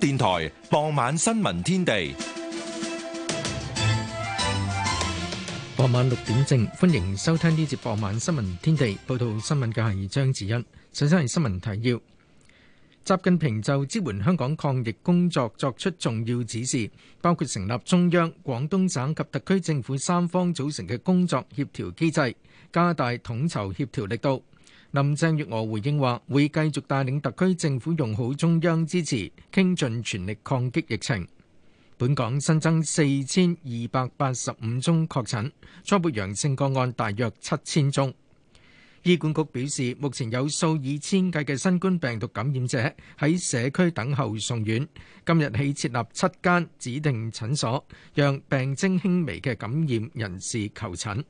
電台傍晚新聞天地，傍晚六點正，歡迎收聽呢節傍晚新聞天地。報道新聞嘅係張子欣，首先係新聞提要。習近平就支援香港抗疫工作作出重要指示，包括成立中央、廣東省及特區政府三方組成嘅工作協調機制，加大統籌協調力度。林鄭月娥回應話：會繼續帶領特區政府用好中央支持，傾盡全力抗擊疫情。本港新增4285宗確診，初步陽性個案大約7000宗。醫管局表示，目前有數以千計嘅新冠病毒感染者喺社區等候送院。今日起設立七間指定診所，讓病徵輕微嘅感染人士求診。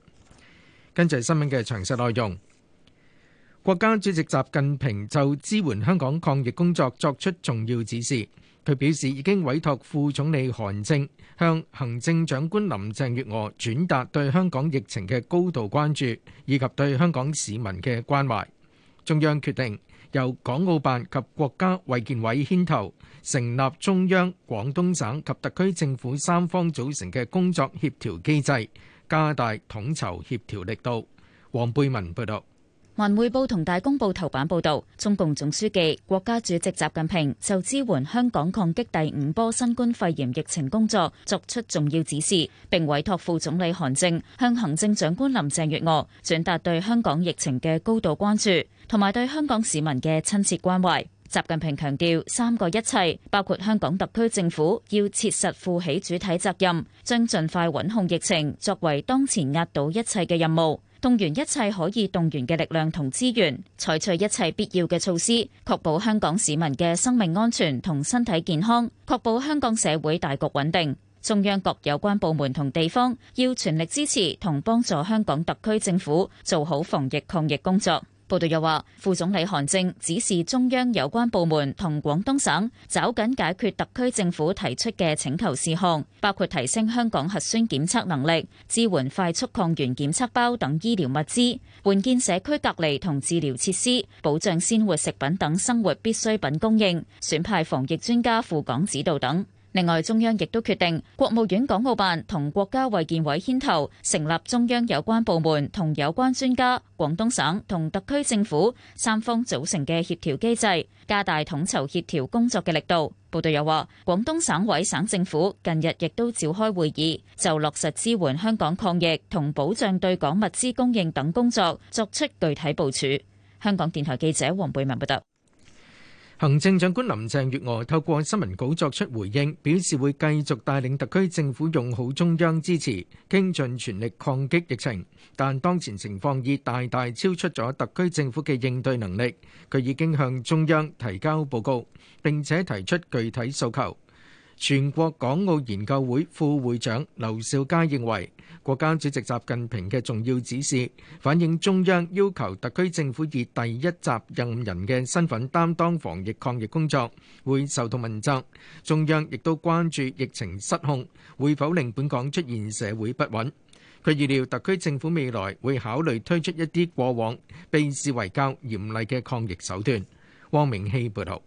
跟住係新聞嘅詳細內容。國家主席習近平就支援香港抗疫工作作出重要指示。佢表示已經委託副總理韓正向行政長官林鄭月娥轉達對香港疫情嘅高度關注，以及對香港市民嘅關懷。中央決定由港澳辦及國家衛健委牽頭，成立中央、廣東省及特區政府三方組成嘅工作協調機制，加大統籌協調力度。黃貝文報道。《文匯報》同《大公報》頭版報道，中共總書記、國家主席習近平就支援香港抗擊第五波新冠肺炎疫情工作作出重要指示，並委託副總理韓正向行政長官林鄭月娥轉達對香港疫情嘅高度關注，同埋對香港市民嘅親切關懷。習近平強調三個一切，包括香港特區政府要切實負起主體責任，將盡快穩控疫情作為當前壓倒一切嘅任務。動員一切可以動員嘅力量同資源，採取一切必要嘅措施，確保香港市民嘅生命安全同身體健康，確保香港社會大局穩定。中央各有關部門同地方要全力支持同幫助香港特區政府做好防疫抗疫工作。報道又話，副總理韓正指示中央有關部門同廣東省找緊解決特區政府提出嘅請求事項，包括提升香港核酸檢測能力、支援快速抗原檢測包等醫療物資、援建社區隔離同治療設施、保障鮮活食品等生活必需品供應、選派防疫專家赴港指導等。另外，中央亦都決定，國務院港澳辦同國家衛健委牽頭成立中央有關部門同有關專家、廣東省同特區政府三方組成嘅協調機制，加大統籌協調工作嘅力度。報道又話，廣東省委省政府近日亦都召開會議，就落實支援香港抗疫同保障對港物資供應等工作作出具體部署。香港電台記者黃貝文報道。行政長官林鄭月娥透過新聞稿作出回應，表示會繼續帶領特區政府用好中央支持，傾盡全力抗擊疫情。但當前情況已大大超出咗特區政府嘅應對能力，佢已經向中央提交報告，並且提出具體訴求。全國港澳研究會副會長劉少佳認為，國家主席習近平嘅重要指示反映中央要求特區政府以第一責任人嘅身份擔當防疫抗疫工作，會受到問責。中央亦都關注疫情失控會否令本港出現社會不穩。佢預料特區政府未來會考慮推出一啲過往被視為較嚴厲嘅抗疫手段。汪明希報導。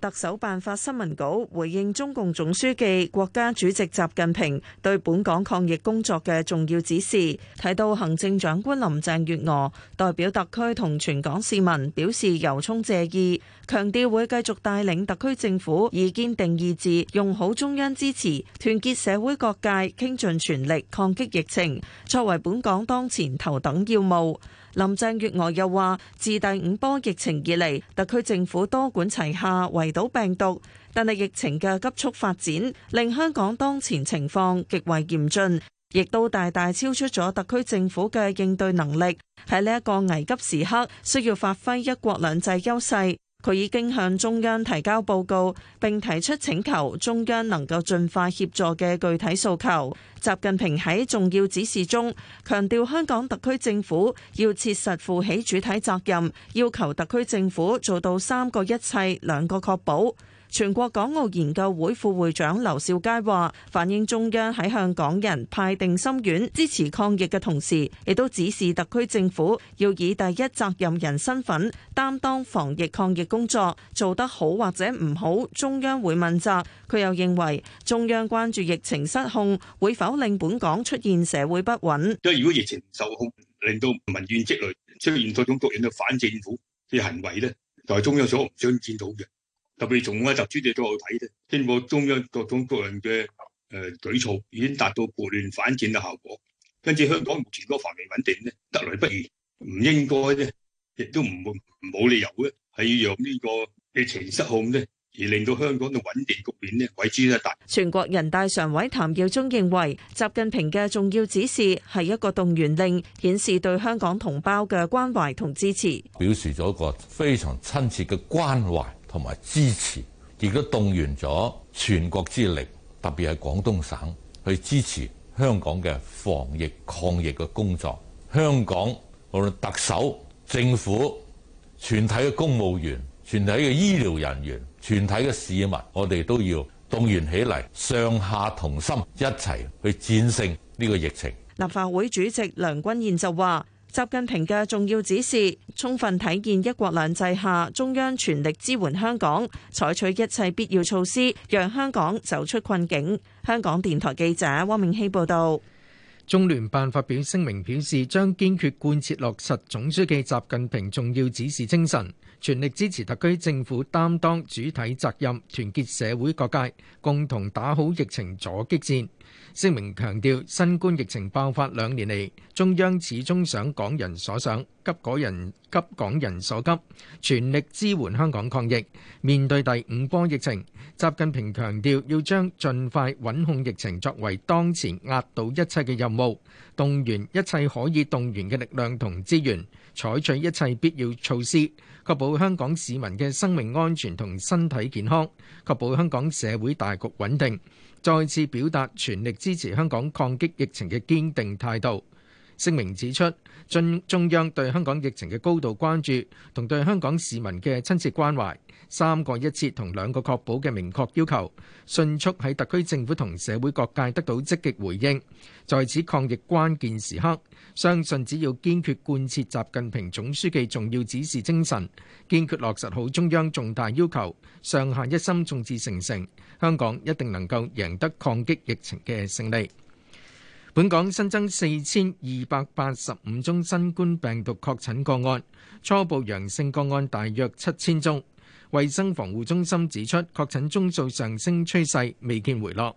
特首辦發新聞稿回應中共總書記、國家主席習近平對本港抗疫工作嘅重要指示，提到行政長官林鄭月娥代表特區同全港市民表示由衷謝意，強調會繼續帶領特區政府以堅定意志，用好中央支持，團結社會各界，傾盡全力抗擊疫情，作為本港當前頭等要務。林鄭月娥又話：自第五波疫情以嚟，特區政府多管齊下圍堵病毒，但係疫情嘅急速發展令香港當前情況極為嚴峻，亦都大大超出咗特區政府嘅應對能力。喺呢一個危急時刻，需要發揮一國兩制優勢。佢已經向中央提交報告，並提出請求中央能夠盡快協助嘅具體訴求。習近平喺重要指示中強調，強調香港特區政府要切實負起主體責任，要求特區政府做到三個一切、兩個確保。全國港澳研究會副會長劉兆佳話，反映中央喺向港人派定心丸、支持抗疫嘅同時，亦都指示特區政府要以第一責任人身份擔當，防疫抗疫工作做得好或者唔好，中央會問責。佢又認為中央關注疫情失控會否令本港出現社會不穩。因為如果疫情受控，令到民怨積累，出現各種各樣嘅反政府嘅行為呢就係中央所唔想見到嘅。特別從習主席都再睇咧，經過中央各種各樣嘅誒舉措，已經達到撥亂反正嘅效果。跟住香港目前嗰個繁榮穩定咧，得來不易，唔應該咧，亦都唔會冇理由咧，係讓呢個疫情失控咧，而令到香港嘅穩定局面咧毀於一旦。全國人大常委譚耀宗認為，習近平嘅重要指示係一個動員令，顯示對香港同胞嘅關懷同支持，示示支持表示咗一個非常親切嘅關懷同埋支持，亦都動員咗全國之力，特別係廣東省去支持香港嘅防疫抗疫嘅工作。香港無論特首、政府、全體嘅公務員、全體嘅醫療人員、全體嘅市民，我哋都要動員起嚟，上下同心，一齊去戰勝呢個疫情。立法會主席梁君彥就話。習近平嘅重要指示，充分體現一國兩制下中央全力支援香港，採取一切必要措施，讓香港走出困境。香港電台記者汪明希報道。中聯辦發表聲明表示，將堅決貫徹落實總書記習近平重要指示精神，全力支持特區政府擔當主體責任，團結社會各界，共同打好疫情阻擊戰。聲明強調，新冠疫情爆發兩年嚟，中央始終想港人所想，急港人急港人所急，全力支援香港抗疫。面對第五波疫情，習近平強調要將盡快穩控疫情作為當前壓倒一切嘅任務，動員一切可以動員嘅力量同資源，採取一切必要措施，確保香港市民嘅生命安全同身體健康，確保香港社會大局穩定。再次表達全力支持香港抗擊疫情嘅堅定態度。聲明指出，盡中央對香港疫情嘅高度關注同對香港市民嘅親切關懷，三個一切同兩個確保嘅明確要求，迅速喺特區政府同社會各界得到積極回應。在此抗疫關鍵時刻，相信只要堅決貫徹習近平總書記重要指示精神，堅決落實好中央重大要求，上下一心、眾志成城，香港一定能夠贏得抗擊疫情嘅勝利。本港新增四千二百八十五宗新冠病毒確診個案，初步陽性個案大約七千宗。衛生防護中心指出，確診宗數上升趨勢未見回落。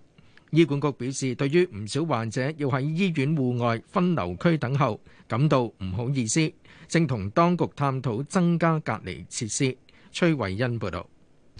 醫管局表示，對於唔少患者要喺醫院戶外分流區等候，感到唔好意思，正同當局探討增加隔離設施。崔慧欣報道。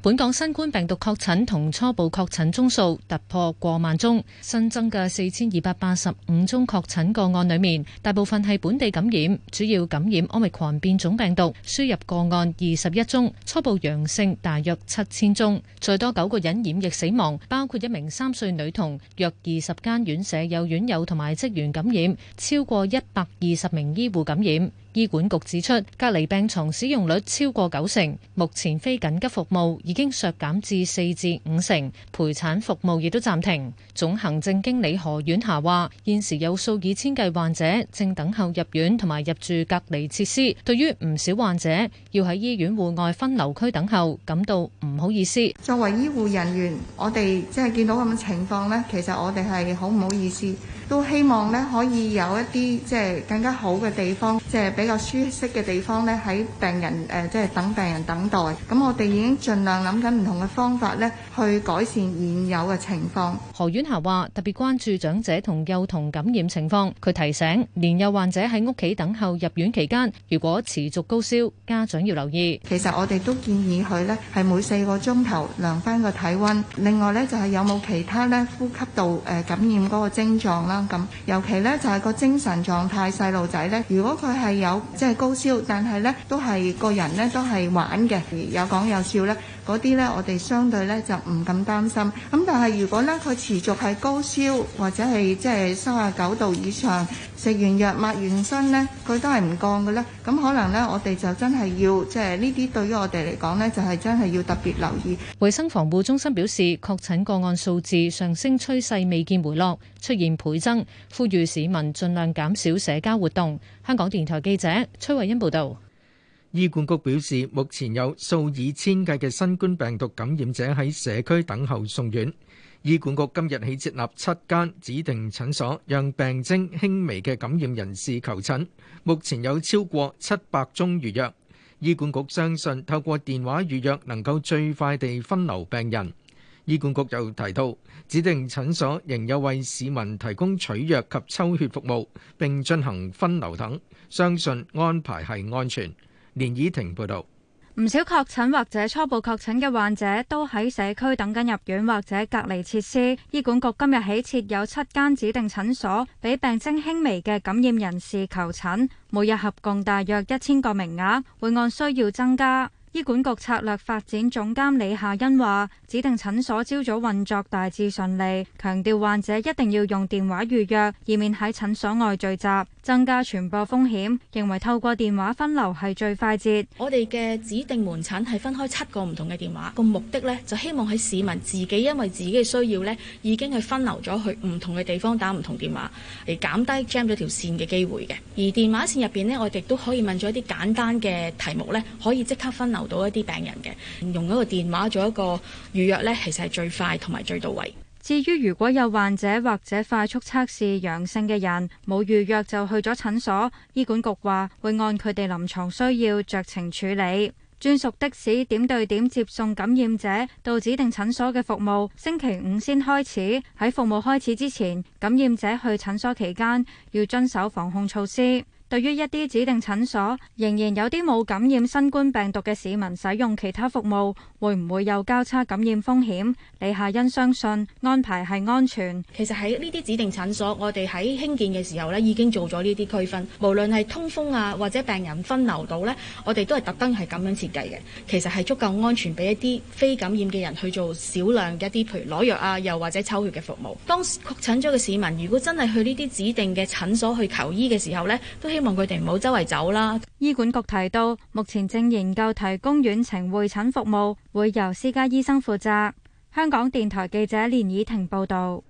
本港新冠病毒確診同初步確診宗數突破過萬宗，新增嘅四千二百八十五宗確診個案裏面，大部分係本地感染，主要感染奧密克戎變種病毒。輸入個案二十一宗，初步陽性大約七千宗。再多九個人染疫死亡，包括一名三歲女童。約二十間院舍有院友同埋職員感染，超過一百二十名醫護感染。醫管局指出，隔離病床使用率超過九成，目前非緊急服務已經削減至四至五成，陪產服務亦都暫停。總行政經理何婉霞話：現時有數以千計患者正等候入院同埋入住隔離設施，對於唔少患者要喺醫院戶外分流區等候，感到唔好意思。作為醫護人員，我哋即係見到咁嘅情況呢，其實我哋係好唔好意思。都希望咧可以有一啲即係更加好嘅地方，即係比較舒適嘅地方咧，喺病人誒即係等病人等待。咁我哋已經盡量諗緊唔同嘅方法咧，去改善現有嘅情況。何婉霞話：特別關注長者同幼童感染情況。佢提醒年幼患者喺屋企等候入院期間，如果持續高燒，家長要留意。其實我哋都建議佢咧係每四個鐘頭量翻個體温。另外咧就係有冇其他咧呼吸道誒感染嗰個症狀啦。咁，尤其咧就係個精神狀態。細路仔咧，如果佢係有即係、就是、高燒，但係咧都係個人咧都係玩嘅，有講有笑咧。嗰啲呢，我哋相對呢就唔咁擔心。咁但係如果呢，佢持續係高燒或者係即係三啊九度以上，食完藥抹完身呢，佢都係唔降嘅咧。咁可能呢，我哋就真係要即係呢啲對於我哋嚟講呢，就係真係要特別留意。衛生防護中心表示，確診個案數字上升趨勢未見回落，出現倍增，呼籲市民盡量減少社交活動。香港電台記者崔慧欣報道。醫管局表示，目前有數以千計嘅新冠病毒感染者喺社區等候送院。醫管局今日起設立七間指定診所，讓病徵輕微嘅感染人士求診。目前有超過七百宗預約。醫管局相信透過電話預約能夠最快地分流病人。醫管局又提到，指定診所仍有為市民提供取藥及抽血服務，並進行分流等，相信安排係安全。連以婷報道，唔少確診或者初步確診嘅患者都喺社區等緊入院或者隔離設施。醫管局今日起設有七間指定診所，俾病徵輕微嘅感染人士求診，每日合共大約一千個名額，會按需要增加。醫管局策略發展總監李夏欣話：指定診所朝早運作大致順利，強調患者一定要用電話預約，以免喺診所外聚集，增加傳播風險。認為透過電話分流係最快捷，我哋嘅指定門診係分開七個唔同嘅電話，個目的呢，就希望喺市民自己因為自己嘅需要呢已經係分流咗去唔同嘅地方打唔同電話，嚟減低 jam 咗條線嘅機會嘅。而電話線入邊呢，我哋都可以問咗一啲簡單嘅題目呢可以即刻分流。到一啲病人嘅，用嗰個電話做一個預約咧，其實係最快同埋最到位。至於如果有患者或者快速測試陽性嘅人冇預約就去咗診所，醫管局話會按佢哋臨牀需要酌情處理。專屬的士點對點接送感染者到指定診所嘅服務，星期五先開始。喺服務開始之前，感染者去診所期間要遵守防控措施。對於一啲指定診所仍然有啲冇感染新冠病毒嘅市民使用其他服務會唔會有交叉感染風險？李夏欣相信安排係安全。其實喺呢啲指定診所，我哋喺興建嘅時候咧，已經做咗呢啲區分，無論係通風啊，或者病人分流到呢，我哋都係特登係咁樣設計嘅，其實係足夠安全俾一啲非感染嘅人去做少量嘅一啲，譬如攞藥啊又或者抽血嘅服務。當確診咗嘅市民如果真係去呢啲指定嘅診所去求醫嘅時候呢，都希希望佢哋唔好周圍走啦。醫管局提到，目前正研究提供遠程會診服務，會由私家醫生負責。香港電台記者連綺婷報道。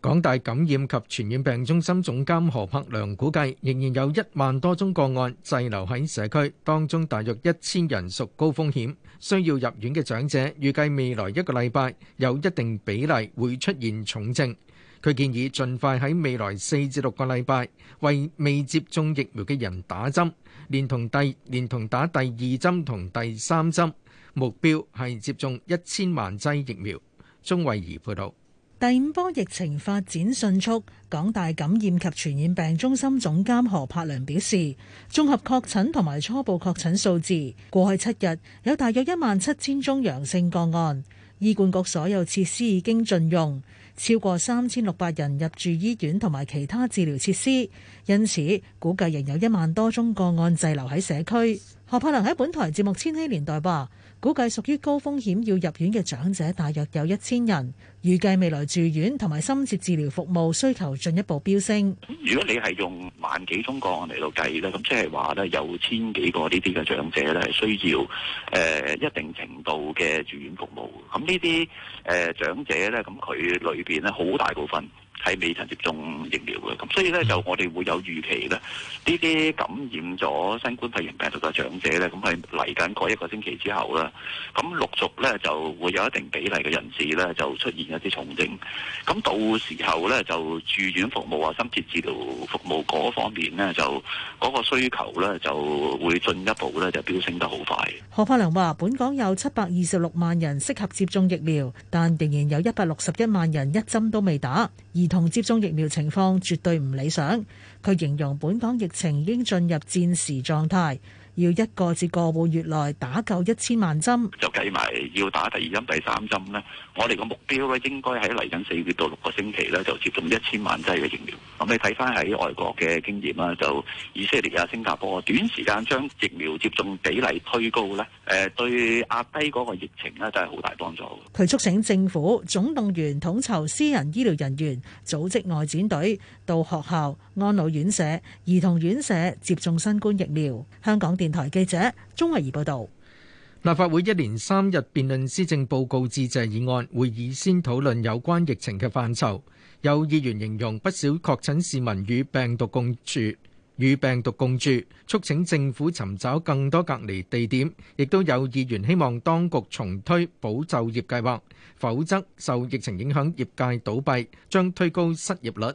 港大感染及傳染病中心總監何柏良估計，仍然有一萬多宗個案滯留喺社區，當中大約一千人屬高風險，需要入院嘅長者，預計未來一個禮拜有一定比例會出現重症。佢建議盡快喺未來四至六個禮拜為未接種疫苗嘅人打針，連同第連同打第二針同第三針，目標係接種一千萬劑疫苗。鍾慧怡報導，第五波疫情發展迅速，港大感染及傳染病中心總監何柏良表示，綜合確診同埋初步確診數字，過去七日有大約一萬七千宗陽性個案，醫管局所有設施已經盡用。超過三千六百人入住醫院同埋其他治療設施，因此估計仍有一萬多宗個案滯留喺社區。何柏良喺本台節目《千禧年代》吧。估計屬於高風險要入院嘅長者大約有一千人，預計未來住院同埋深切治療服務需求進一步飆升。如果你係用萬幾宗個案嚟到計咧，咁即係話咧有千幾個呢啲嘅長者咧係需要誒、呃、一定程度嘅住院服務。咁呢啲誒長者咧，咁佢裏邊咧好大部分。係未曾接種疫苗嘅，咁所以咧就我哋會有預期咧，呢啲感染咗新冠肺炎病毒嘅長者咧，咁係嚟緊嗰一個星期之後咧，咁陸續咧就會有一定比例嘅人士咧就出現一啲重症，咁到時候咧就住院服務啊、深切治療服務嗰方面咧，就嗰個需求咧就會進一步咧就飆升得好快。何柏良話：本港有七百二十六萬人適合接種疫苗，但仍然有一百六十一萬人一針都未打，而同接種疫苗情況絕對唔理想，佢形容本港疫情已經進入戰時狀態。要一個至一個半月內打夠一千萬針，就計埋要打第二針、第三針呢，我哋個目標呢，應該喺嚟緊四月到六個星期呢，就接種一千萬劑嘅疫苗。咁你睇翻喺外國嘅經驗啦，就以色列啊、新加坡，短時間將疫苗接種比例推高呢，誒、呃，對壓低嗰個疫情呢，真係好大幫助。佢促請政府總動員統籌私人醫療人員，組織外展隊到學校、安老院舍、兒童院舍接種新冠疫苗。香港。電台記者鍾慧怡報道，立法會一連三日辯論施政報告致謝議案，會議先討論有關疫情嘅範疇。有議員形容不少確診市民與病毒共住，與病毒共住，促請政府尋找更多隔離地點。亦都有議員希望當局重推保就業計劃，否則受疫情影響，業界倒閉將推高失業率。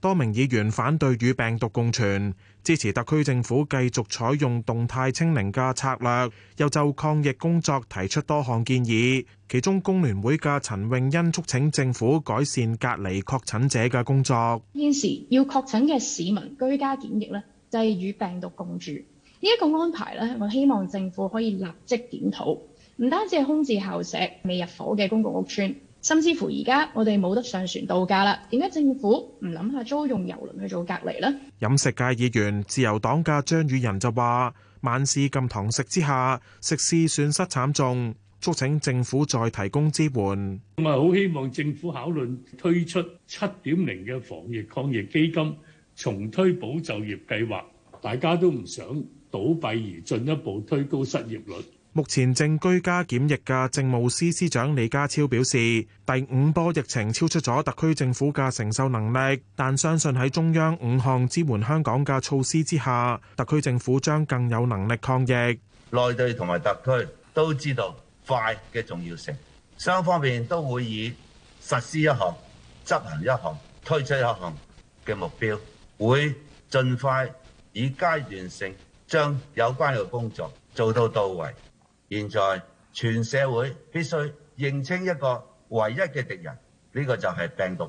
多名議員反對與病毒共存，支持特區政府繼續採用動態清零嘅策略，又就抗疫工作提出多項建議。其中工聯會嘅陳泳欣促請政府改善隔離確診者嘅工作。現時要確診嘅市民居家檢疫呢就係與病毒共住。呢、這、一個安排咧，我希望政府可以立即檢討。唔單止係空置校舍未入伙嘅公共屋邨。甚至乎而家我哋冇得上船度假啦，點解政府唔諗下租用郵輪去做隔離咧？飲食界議員自由黨嘅張宇人就話：晚市禁堂食之下，食肆損失慘重，促請政府再提供支援。我好希望政府考慮推出七點零嘅防疫抗疫基金，重推保就業計劃。大家都唔想倒閉而進一步推高失業率。目前正居家檢疫嘅政務司司長李家超表示，第五波疫情超出咗特區政府嘅承受能力，但相信喺中央五項支援香港嘅措施之下，特區政府將更有能力抗疫。內地同埋特區都知道快嘅重要性，雙方面都會以實施一項、執行一項、推出一項嘅目標，會盡快以階段性將有關嘅工作做到到位。現在，全社會必須認清一個唯一嘅敵人，呢個就係病毒。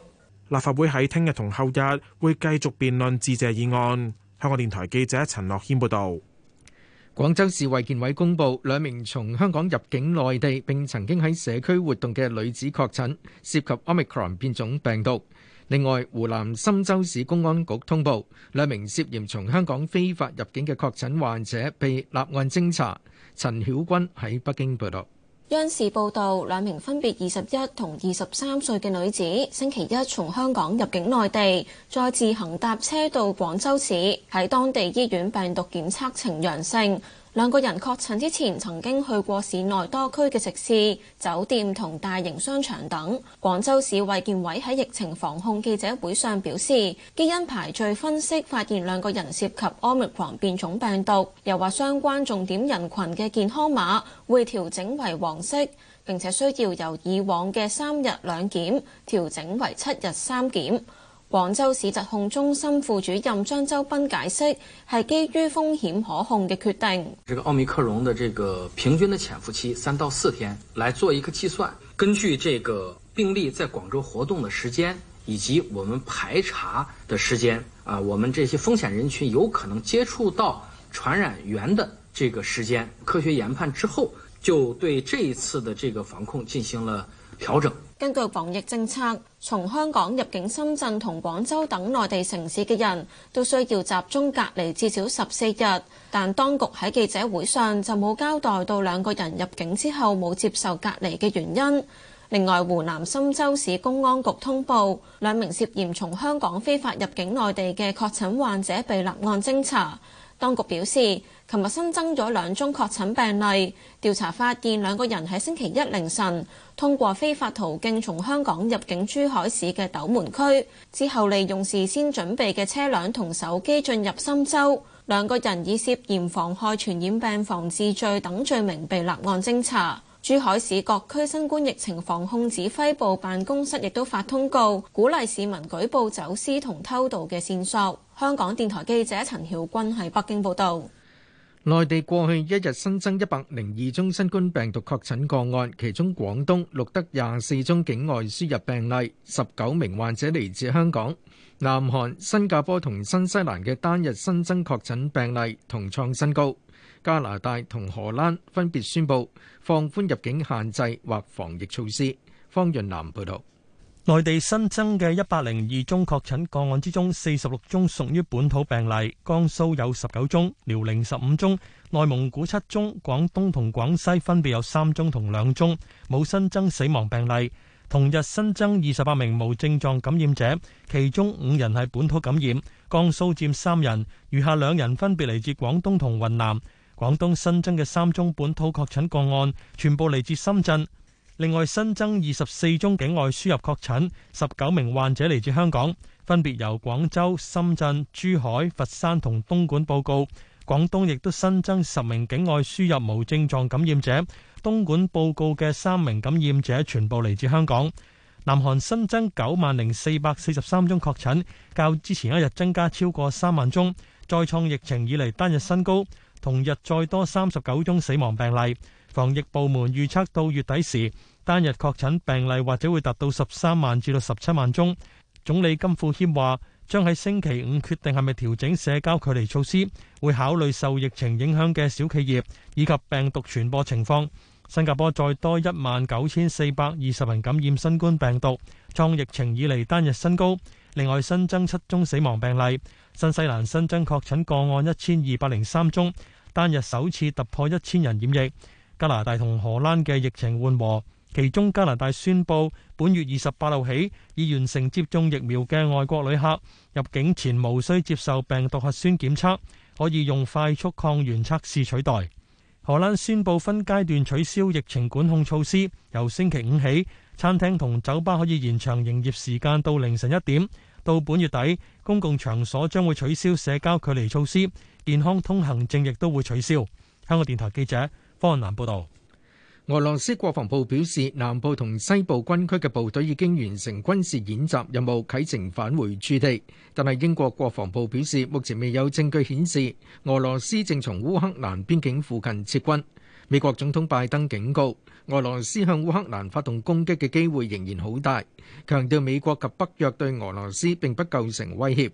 立法會喺聽日同後日會繼續辯論致謝議案。香港電台記者陳樂軒報導。廣州市衛健委公佈兩名從香港入境內地並曾經喺社區活動嘅女子確診，涉及 Omicron 變種病毒。另外，湖南郴州市公安局通報兩名涉嫌從香港非法入境嘅確診患者被立案偵查。陳曉君喺北京報道，央視報道，兩名分別二十一同二十三歲嘅女子，星期一從香港入境內地，再自行搭車到廣州市，喺當地醫院病毒檢測呈陽性。兩個人確診之前曾經去過市內多區嘅食肆、酒店同大型商場等。廣州市衛健委喺疫情防控記者會上表示，基因排序分析發現兩個人涉及 Omicron 變種病毒，又話相關重點人群嘅健康碼會調整為黃色，並且需要由以往嘅三日兩檢調整為七日三檢。廣州市疾控中心副主任張周斌解釋：係基於風險可控嘅決定。這個奧密克戎的這個平均的潛伏期三到四天，來做一個計算。根據這個病例在廣州活動的時間，以及我們排查的時間，啊，我們這些風險人群有可能接觸到傳染源的這個時間，科學研判之後，就對這一次的這個防控進行了調整。根據防疫政策，從香港入境深圳同廣州等內地城市嘅人都需要集中隔離至少十四日。但當局喺記者會上就冇交代到兩個人入境之後冇接受隔離嘅原因。另外，湖南郴州市公安局通報兩名涉嫌從香港非法入境內地嘅確診患者被立案偵查。當局表示，琴日新增咗兩宗確診病例，調查發現兩個人喺星期一凌晨通過非法途徑從香港入境珠海市嘅斗門區之後利用事先準備嘅車輛同手機進入深州。兩個人以涉嫌妨害傳染病防治罪等罪名被立案偵查。珠海市各區新冠疫情防控指揮部辦公室亦都發通告鼓勵市民舉報走私同偷渡嘅線索。香港電台記者陳曉君喺北京報道。內地過去一日新增一百零二宗新冠病毒確診個案，其中廣東錄得廿四宗境外輸入病例，十九名患者嚟自香港。南韓、新加坡同新西蘭嘅單日新增確診病例同創新高。加拿大同荷蘭分別宣布放寬入境限制或防疫措施。方潤南報道。內地新增嘅一百零二宗確診個案之中，四十六宗屬於本土病例，江蘇有十九宗，遼寧十五宗，內蒙古七宗，廣東同廣西分別有三宗同兩宗，冇新增死亡病例。同日新增二十八名無症狀感染者，其中五人係本土感染，江蘇占三人，餘下兩人分別嚟自廣東同雲南。廣東新增嘅三宗本土確診個案，全部嚟自深圳。另外新增二十四宗境外輸入確診，十九名患者嚟自香港，分別由廣州、深圳、珠海、佛山同東莞報告。廣東亦都新增十名境外輸入無症狀感染者，東莞報告嘅三名感染者全部嚟自香港。南韓新增九萬零四百四十三宗確診，較之前一日增加超過三萬宗，再創疫情以嚟單日新高，同日再多三十九宗死亡病例。防疫部門預測到月底時，單日確診病例或者會達到十三萬至到十七萬宗。總理金富謙話，將喺星期五決定係咪調整社交距離措施，會考慮受疫情影響嘅小企業以及病毒傳播情況。新加坡再多一萬九千四百二十人感染新冠病毒，創疫情以嚟單日新高。另外新增七宗死亡病例。新西蘭新增確診個案一千二百零三宗，單日首次突破一千人染疫。加拿大同荷蘭嘅疫情緩和，其中加拿大宣佈本月二十八號起，已完成接種疫苗嘅外國旅客入境前無需接受病毒核酸檢測，可以用快速抗原測試取代。荷蘭宣佈分階段取消疫情管控措施，由星期五起，餐廳同酒吧可以延長營業時間到凌晨一點。到本月底，公共場所將會取消社交距離措施，健康通行證亦都會取消。香港電台記者，方南報道，俄羅斯國防部表示，南部同西部軍區嘅部隊已經完成軍事演習任務，啟程返回駐地。但係英國國防部表示，目前未有證據顯示俄羅斯正從烏克蘭邊境附近撤軍。美國總統拜登警告，俄羅斯向烏克蘭發動攻擊嘅機會仍然好大，強調美國及北約對俄羅斯並不構成威脅。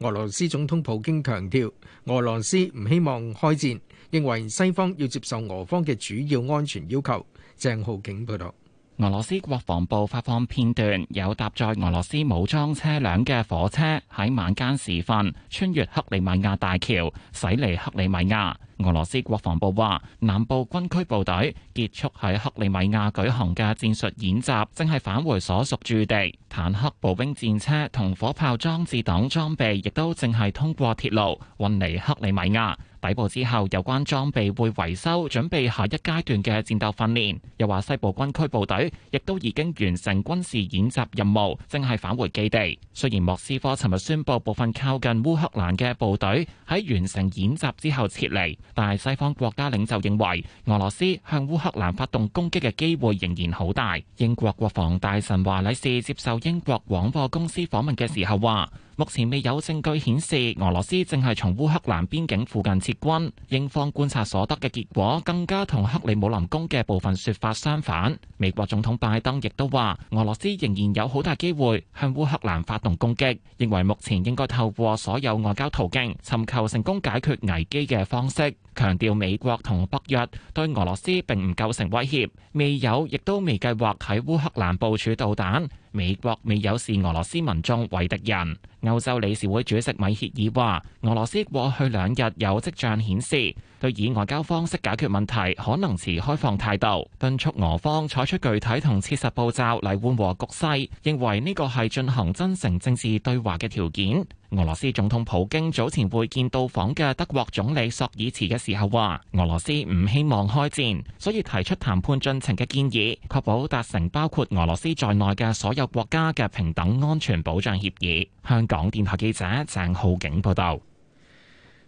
俄羅斯總統普京強調，俄羅斯唔希望開戰，認為西方要接受俄方嘅主要安全要求。鄭浩景報道。俄羅斯國防部發放片段，有搭載俄羅斯武裝車輛嘅火車喺晚間時分穿越克里米亞大橋，駛離克里米亞。俄羅斯國防部話，南部軍區部隊結束喺克里米亞舉行嘅戰術演習，正係返回所屬駐地。坦克、步兵戰車同火炮裝置等裝備，亦都正係通過鐵路運嚟克里米亞。抵埗之後，有關裝備會維修，準備下一階段嘅戰鬥訓練。又話西部軍區部隊亦都已經完成軍事演習任務，正係返回基地。雖然莫斯科尋日宣布部分靠近烏克蘭嘅部隊喺完成演習之後撤離，但係西方國家領袖認為俄羅斯向烏克蘭發動攻擊嘅機會仍然好大。英國國防大臣華禮士接受英國廣播公司訪問嘅時候話。目前未有證據顯示俄羅斯正係從烏克蘭邊境附近撤軍，英方觀察所得嘅結果更加同克里姆林宮嘅部分説法相反。美國總統拜登亦都話，俄羅斯仍然有好大機會向烏克蘭發動攻擊，認為目前應該透過所有外交途徑尋求成功解決危機嘅方式，強調美國同北約對俄羅斯並唔構成威脅，未有亦都未計劃喺烏克蘭部署導彈。美國未有視俄羅斯民眾為敵人。歐洲理事會主席米歇爾話，俄羅斯過去兩日有跡象顯示對以外交方式解決問題可能持開放態度，敦促俄方採取具體同切實步驟嚟緩和局勢，認為呢個係進行真誠政治對話嘅條件。俄羅斯總統普京早前會見到訪嘅德國總理索爾茨嘅時候話：俄羅斯唔希望開戰，所以提出談判進程嘅建議，確保達成包括俄羅斯在內嘅所有國家嘅平等安全保障協議。香港電台記者鄭浩景報道。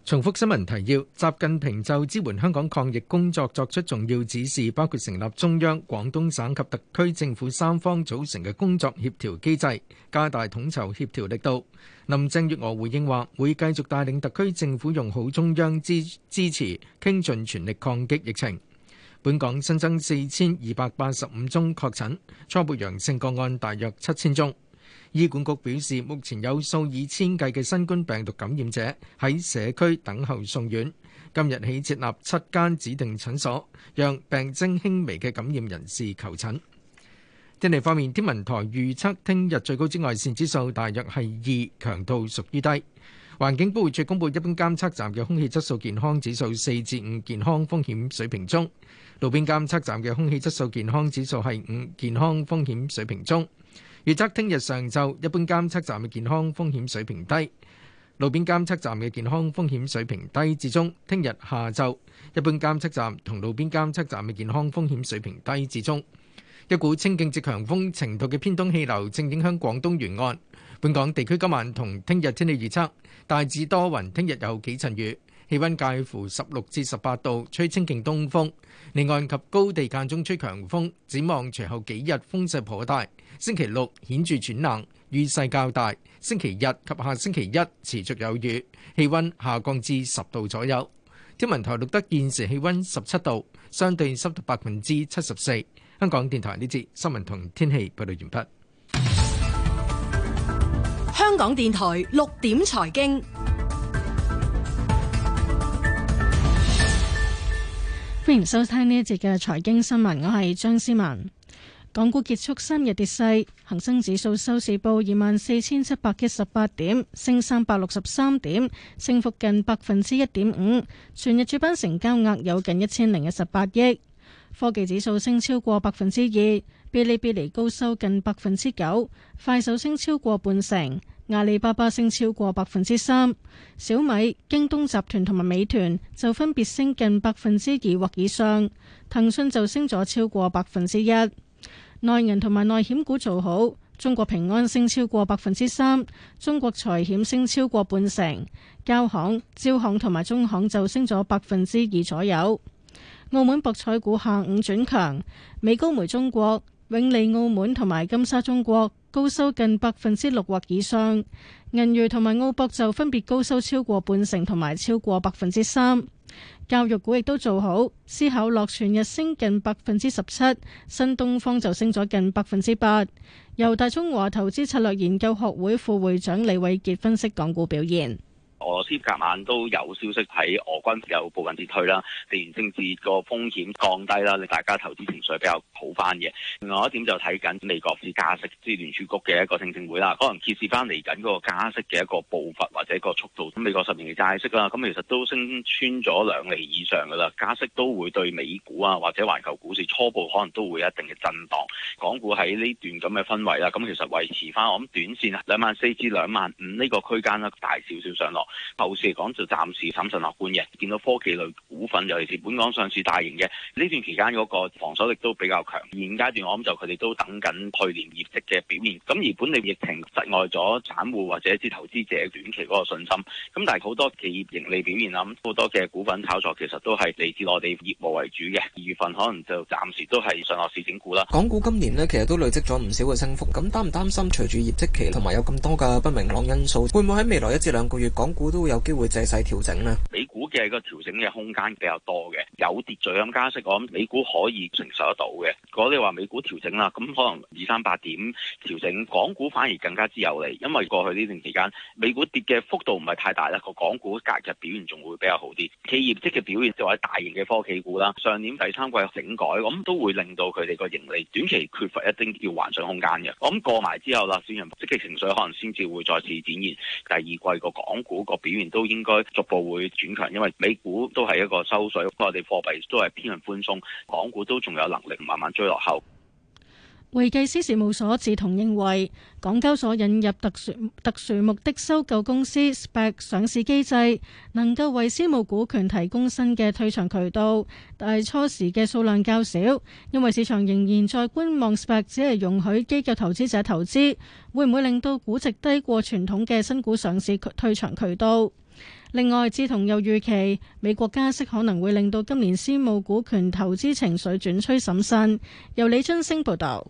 重複新聞提要：習近平就支援香港抗疫工作作出重要指示，包括成立中央、廣東省及特區政府三方組成嘅工作協調機制，加大統籌協調力度。林鄭月娥回應話，會繼續帶領特區政府用好中央支支持，傾盡全力抗擊疫情。本港新增四千二百八十五宗確診，初步陽性個案大約七千宗。醫管局表示，目前有數以千計嘅新冠病毒感染者喺社區等候送院。今日起設立七間指定診所，讓病徵輕微嘅感染人士求診。天氣方面，天文台預測聽日最高紫外線指數大約係二，強度屬於低。環境保護署公布一般監測站嘅空氣質素健康指數四至五，健康風險水平中；路邊監測站嘅空氣質素健康指數係五，健康風險水平中。預測聽日上晝一般監測站嘅健康風險水平低，路邊監測站嘅健康風險水平低至中。聽日下晝一般監測站同路邊監測站嘅健康風險水平低至中。一股清勁至強風程度嘅偏東氣流正影響廣東沿岸。本港地區今晚同聽日天氣預測大致多雲，聽日有幾陣雨，氣溫介乎十六至十八度，吹清勁東風。離岸及高地間中吹強風。展望隨後幾日風勢頗大，星期六顯著轉冷，雨勢較大。星期日及下星期一持續有雨，氣溫下降至十度左右。天文台錄得現時氣溫十七度，相對濕度百分之七十四。香港電台呢節新聞同天氣報道完畢。香港電台六點財經，歡迎收聽呢一節嘅財經新聞，我係張思文。港股結束三日跌勢，恒生指數收市報二萬四千七百一十八點，升三百六十三點，升幅近百分之一點五。全日主板成交額有近一千零一十八億。科技指數升超過百分之二，嗶哩嗶哩高收近百分之九，快手升超過半成，阿里巴巴升超過百分之三，小米、京東集團同埋美團就分別升近百分之二或以上，騰訊就升咗超過百分之一。內銀同埋內險股做好，中國平安升超過百分之三，中國財險升超過半成，交行、招行同埋中行就升咗百分之二左右。澳門博彩股下午轉強，美高梅中國、永利澳門同埋金沙中國高收近百分之六或以上，銀娛同埋澳博就分別高收超過半成同埋超過百分之三。教育股亦都做好，思考樂全日升近百分之十七，新東方就升咗近百分之八。由大中華投資策略研究學會副會長李偉傑分析港股表現。俄羅斯昨晚都有消息喺俄軍有部分撤退啦，地緣政治個風險降低啦，令大家投資情緒比較好翻嘅。另外一點就睇緊美國嘅加息，即係聯儲局嘅一個聽證會啦。可能揭示翻嚟緊嗰個加息嘅一個步伐或者個速度。咁美國十年期債息啦，咁其實都升穿咗兩厘以上噶啦。加息都會對美股啊，或者環球股市初步可能都會有一定嘅震盪。港股喺呢段咁嘅氛圍啦，咁其實維持翻，我諗短線兩萬四至兩萬五呢個區間啦，大少少上落。後市嚟講就暫時審慎樂觀嘅，見到科技類股份，尤其是本港上市大型嘅呢段期間嗰個防守力都比較強。現階段我諗就佢哋都等緊去年業績嘅表現。咁而本地疫情窒礙咗散戶或者啲投資者短期嗰個信心。咁但係好多企業盈利表現啊，咁好多嘅股份炒作其實都係嚟自我哋業務為主嘅。二月份可能就暫時都係上落市整固啦。港股今年呢，其實都累積咗唔少嘅升幅，咁擔唔擔心隨住業績期同埋有咁多嘅不明朗因素，會唔會喺未來一至兩個月港？股都有機會借勢調整啦。美股嘅個調整嘅空間比較多嘅，有秩序咁加息，我諗美股可以承受得到嘅。如果你話美股調整啦，咁可能二三八點調整，港股反而更加之有利，因為過去呢段時間美股跌嘅幅度唔係太大啦，個港股價值表現仲會比較好啲。企業積極表現，即或者大型嘅科技股啦，上年第三季整改，咁都會令到佢哋個盈利短期缺乏一定要還上空間嘅。咁過埋之後啦，市場積極情緒可能先至會再次展現第二季個港股，個表現都應該逐步會轉強，因為美股都係一個收水，我哋貨幣都係偏向寬鬆，港股都仲有能力慢慢追落後。會計師事務所志同認為，港交所引入特殊特殊目的收購公司 SPAC 上市機制，能夠為私募股權提供新嘅退場渠道。但係初時嘅數量較少，因為市場仍然在觀望 SPAC，只係容許機構投資者投資，會唔會令到估值低過傳統嘅新股上市退場渠道？另外，志同又預期美國加息可能會令到今年私募股權投資情緒轉趨審慎。由李津升報道。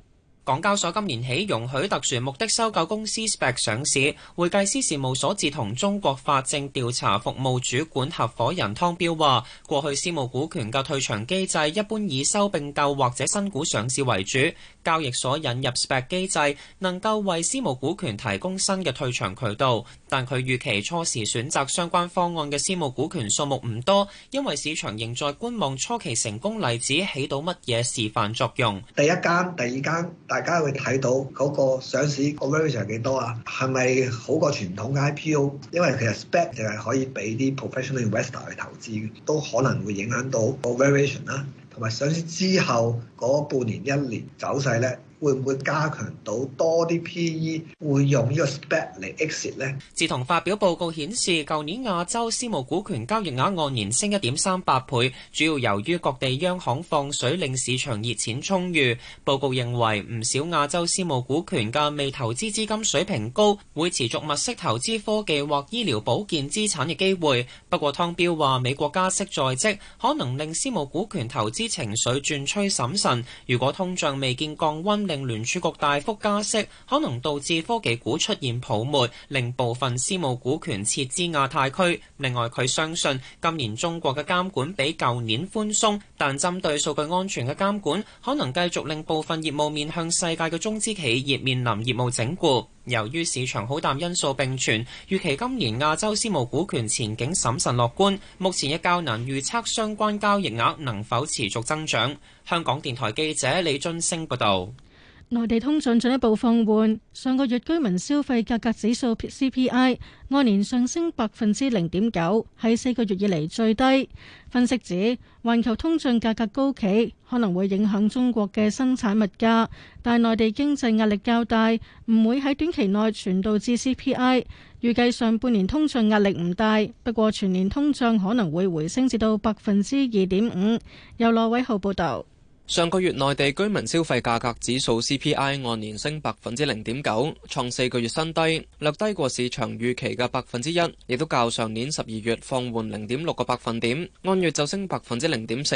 港交所今年起容許特殊目的收購公司 SPAC 上市，會計師事務所致同中國法證調查服務主管合夥人湯彪話：過去私募股權嘅退場機制一般以收並購或者新股上市為主，交易所引入 SPAC 機制能夠為私募股權提供新嘅退場渠道。但佢預期初時選擇相關方案嘅私募股權數目唔多，因為市場仍在觀望初期成功例子起到乜嘢示範作用。第一間、第二間。大家會睇到嗰個上市 valuation 係幾多啊？係咪好過傳統嘅 IPO？因為其實 spec 就係可以俾啲 professional investor 去投資，都可能會影響到 valuation 啦、啊。同埋上市之後嗰半年、一年走勢咧。會唔會加強到多啲 PE 會用個呢個 SPAC 嚟 exit 呢？智同發表報告顯示，舊年亞洲私募股權交易額按年升一點三八倍，主要由於各地央行放水令市場熱錢充裕。報告認為，唔少亞洲私募股權嘅未投資資金水平高，會持續物色投資科技或醫療保健資產嘅機會。不過湯，湯彪話美國加息在即，可能令私募股權投資情緒轉趨審慎。如果通脹未見降溫，令聯儲局大幅加息，可能導致科技股出現泡沫，令部分私募股權撤資亞太區。另外，佢相信今年中國嘅監管比舊年寬鬆，但針對數據安全嘅監管可能繼續令部分業務面向世界嘅中資企業面臨業務整固。由於市場好淡因素並存，預期今年亞洲私募股權前景審慎樂觀。目前亦較難預測相關交易額能否持續增長。香港電台記者李津升報道。內地通脹進一步放緩，上個月居民消費價格指數 CPI 按年上升百分之零點九，喺四個月以嚟最低。分析指環球通脹價格高企，可能會影響中國嘅生產物價，但內地經濟壓力較大，唔會喺短期內傳導至 CPI。預計上半年通脹壓力唔大，不過全年通脹可能會回升至到百分之二點五。由羅偉浩報道。上個月內地居民消費價格指數 CPI 按年升百分之零點九，創四個月新低，略低過市場預期嘅百分之一，亦都較上年十二月放緩零點六個百分點，按月就升百分之零點四，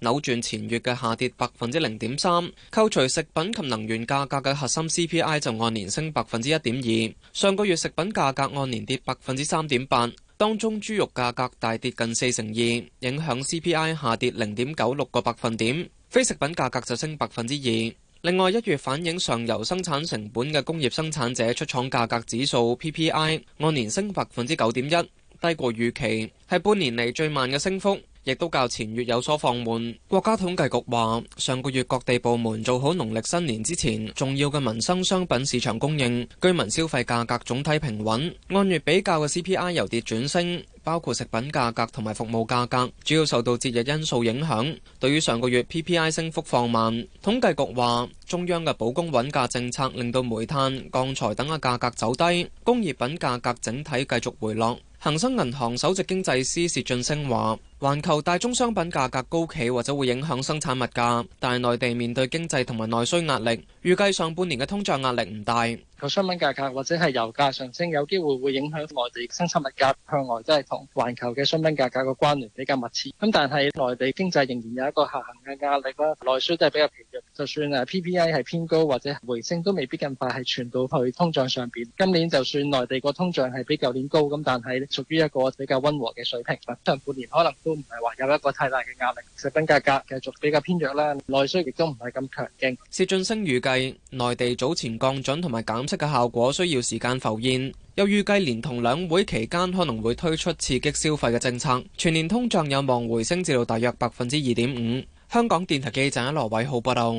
扭轉前月嘅下跌百分之零點三。扣除食品及能源價格嘅核心 CPI 就按年升百分之一點二。上個月食品價格按年跌百分之三點八，當中豬肉價格大跌近四成二，影響 CPI 下跌零點九六個百分點。非食品價格就升百分之二。另外，一月反映上游生產成本嘅工業生產者出廠價格指數 PPI 按年升百分之九點一，低過預期，係半年嚟最慢嘅升幅，亦都較前月有所放緩。國家統計局話，上個月各地部門做好農曆新年之前重要嘅民生商品市場供應，居民消費價格總體平穩，按月比較嘅 CPI 由跌轉升。包括食品價格同埋服務價格，主要受到節日因素影響。對於上個月 PPI 升幅放慢，統計局話中央嘅保供穩價政策令到煤炭、鋼材等嘅價格走低，工業品價格整體繼續回落。恒生銀行首席經濟師薛俊升話，環球大宗商品價格高企或者會影響生產物價，但係內地面對經濟同埋內需壓力。預計上半年嘅通脹壓力唔大，個商品價格或者係油價上升有機會會影響內地生產物價，向來都係同環球嘅商品價格個關聯比較密切。咁但係內地經濟仍然有一個下行嘅壓力啦，內需都係比較偏弱。就算啊 PPI 係偏高或者回升，都未必咁快係傳到去通脹上邊。今年就算內地個通脹係比舊年高咁，但係屬於一個比較溫和嘅水平。上半年可能都唔係話有一個太大嘅壓力，食品價格繼續比較偏弱啦，內需亦都唔係咁強勁。薛俊升預計。內地早前降準同埋減息嘅效果需要時間浮現，又預計連同兩會期間可能會推出刺激消費嘅政策，全年通脹有望回升至到大約百分之二點五。香港電台記者羅偉浩報道，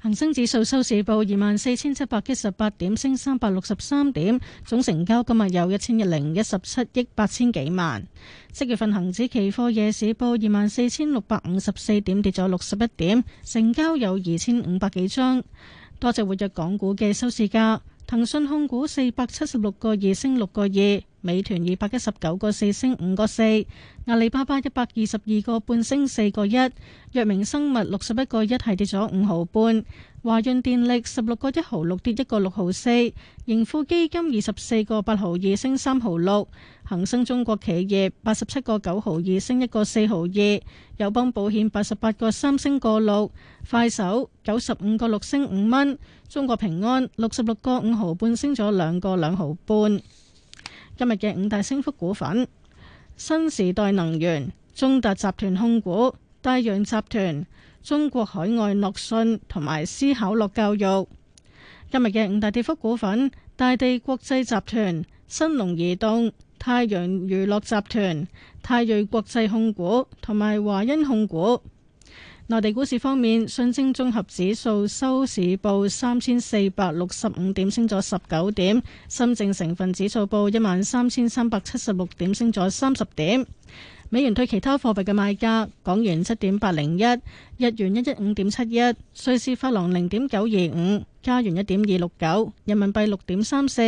恒生指數收市報二萬四千七百一十八點，升三百六十三點，總成交今日有一千一零一十七億八千幾萬。七月份恒指期貨夜市報二萬四千六百五十四點，跌咗六十一點，成交有二千五百幾張。多隻活躍港股嘅收市價，騰訊控股四百七十六個二，升六個二。美團二百一十九個四升五個四，阿里巴巴一百二十二個半升四個一，藥明生物六十一個一係跌咗五毫半，華潤電力十六個一毫六跌一個六毫四，盈富基金二十四個八毫二升三毫六，恒生中國企業八十七個九毫二升一個四毫二，友邦保險八十八個三升個六，快手九十五個六升五蚊，中國平安六十六個五毫半升咗兩個兩毫半。今日嘅五大升幅股份：新時代能源、中達集團控股、大洋集團、中國海外諾信同埋思考樂教育。今日嘅五大跌幅股份：大地國際集團、新龍移動、太陽娛樂集團、泰瑞國際控股同埋華欣控股。內地股市方面，上證綜合指數收市報三千四百六十五點，升咗十九點，深證成分指數報一萬三千三百七十六點，升咗三十點。美元兌其他貨幣嘅賣價：港元七點八零一，日元一一五點七一，瑞士法郎零點九二五，加元一點二六九，人民幣六點三四。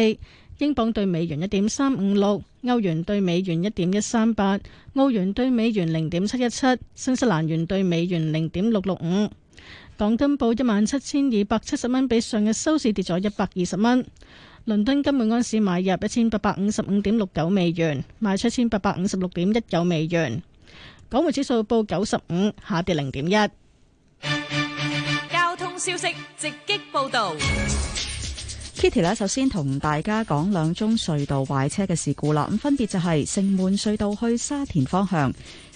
英鎊兌美元一點三五六，歐元兌美元一點一三八，澳元兌美元零點七一七，新西蘭元兌美元零點六六五。港金報一萬七千二百七十蚊，比上日收市跌咗一百二十蚊。倫敦金每安士買入一千八百五十五點六九美元，賣出一千八百五十六點一九美元。港匯指數報九十五，下跌零點一。交通消息直擊報道。Kitty 咧，首先同大家講兩宗隧道壞車嘅事故啦，咁分別就係城門隧道去沙田方向。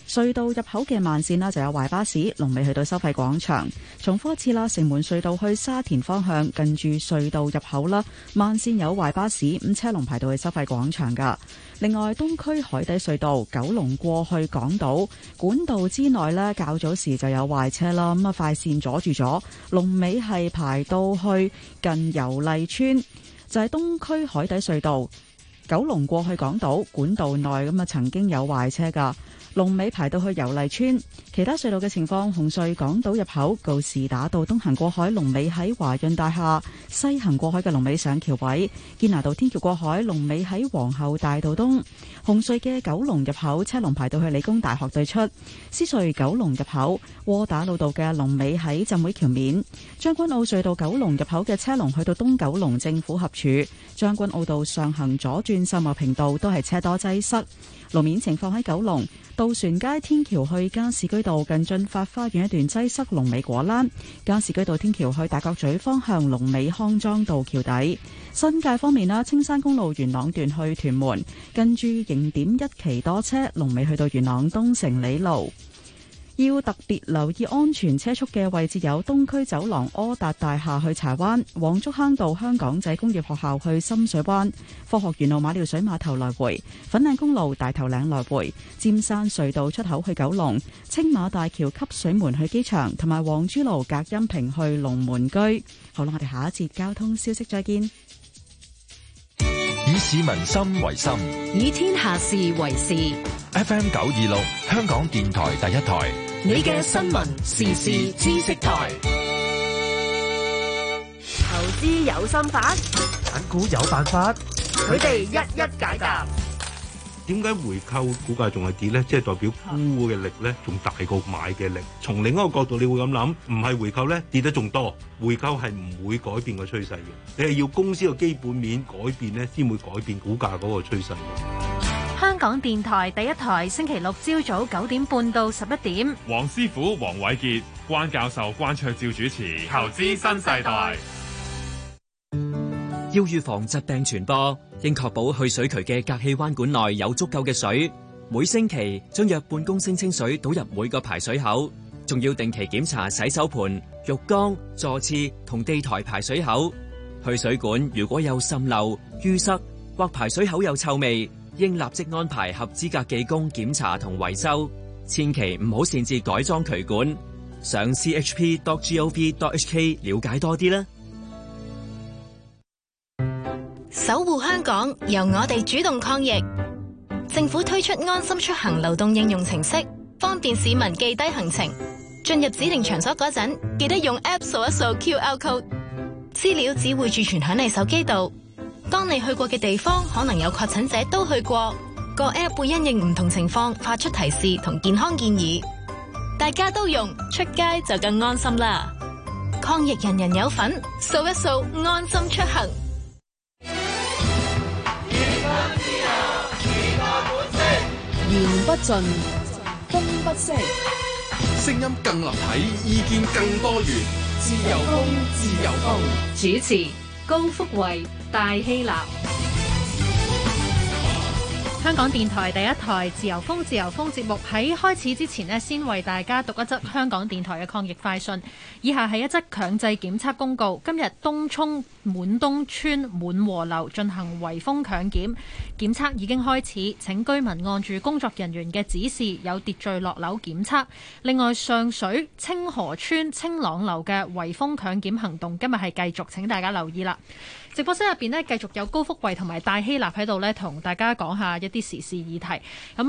隧道入口嘅慢線啦，就有壞巴士，龍尾去到收費廣場。重複一次啦，城門隧道去沙田方向，近住隧道入口啦，慢線有壞巴士，咁車龍排到去收費廣場噶。另外，東區海底隧道九龍過去港島管道之內咧，較早時就有壞車啦。咁啊，快線阻住咗，龍尾係排到去近油麗村，就喺、是、東區海底隧道九龍過去港島管道內咁啊，曾經有壞車噶。龍尾排到去油麗村，其他隧道嘅情況：紅隧港島入口告士打道東行過海龍尾喺華潤大廈，西行過海嘅龍尾上橋位；堅拿道天橋過海龍尾喺皇后大道東，紅隧嘅九龍入口車龍排到去理工大學對出；獅隧九龍入口窩打老道嘅龍尾喺浸會橋面，將軍澳隧道九龍入口嘅車龍去到東九龍政府合署，將軍澳道上行左轉秀茂坪道都係車多擠塞，路面情況喺九龍。渡船街天橋去加士居道近駿發花園一段擠塞，龍尾果欄；加士居道天橋去大角咀方向，龍尾康莊道橋底。新界方面啦，青山公路元朗段去屯門，近住形點一期多車，龍尾去到元朗東城里路。要特別留意安全車速嘅位置有：東區走廊柯達大廈去柴灣，黃竹坑道香港仔工業學校去深水灣，科學園路馬料水碼頭來回，粉嶺公路大頭嶺來回，尖山隧道出口去九龍，青馬大橋汲水門去機場，同埋黃珠路隔音屏去龍門居。好啦，我哋下一節交通消息再見。以市民心為心，以天下事為事。FM 九二六，香港電台第一台。你嘅新聞時事知識台，投資有心法，炒股有辦法，佢哋一一解答。點解回購股價仲係跌咧？即係代表沽嘅力咧，仲大過買嘅力。從另一個角度，你會咁諗，唔係回購咧跌得仲多。回購係唔會改變個趨勢嘅。你係要公司個基本面改變咧，先會改變股價嗰個趨勢。香港電台第一台，星期六朝早九點半到十一點。黃師傅、黃偉傑、關教授、關卓照主持。投資新世代要預防疾病傳播，應確保去水渠嘅隔氣彎管內有足夠嘅水。每星期將約半公升清水倒入每個排水口，仲要定期檢查洗手盆、浴缸、座廁同地台排水口。去水管如果有滲漏、淤塞或排水口有臭味，應立即安排合資格技工檢查同維修，千祈唔好擅自改裝渠管。上 chp.gov.hk 了解多啲啦。守護香港，由我哋主動抗疫。政府推出安心出行流動應用程式，方便市民記低行程。進入指定場所嗰陣，記得用 app 掃一掃 QR code，資料只會儲存響你手機度。當你去過嘅地方可能有確診者都去過，個 app 會因應唔同情況發出提示同健康建議，大家都用出街就更安心啦。抗疫人人有份，掃一掃安心出行。言不盡，風不息，聲音更立體，意見更多元。自由風，自由風，主持高福慧，大希臘。香港電台第一台《自由風》自由風節目喺開始之前呢，先為大家讀一則香港電台嘅抗疫快訊。以下係一則強制檢測公告。今日東涌滿東村滿和樓進行圍封強檢，檢測已經開始，請居民按住工作人員嘅指示有秩序落樓檢測。另外，上水清河村清朗樓嘅圍封強檢行動今日係繼續，請大家留意啦。直播室入邊咧，繼續有高福貴同埋戴希納喺度咧，同大家講下一啲時事議題。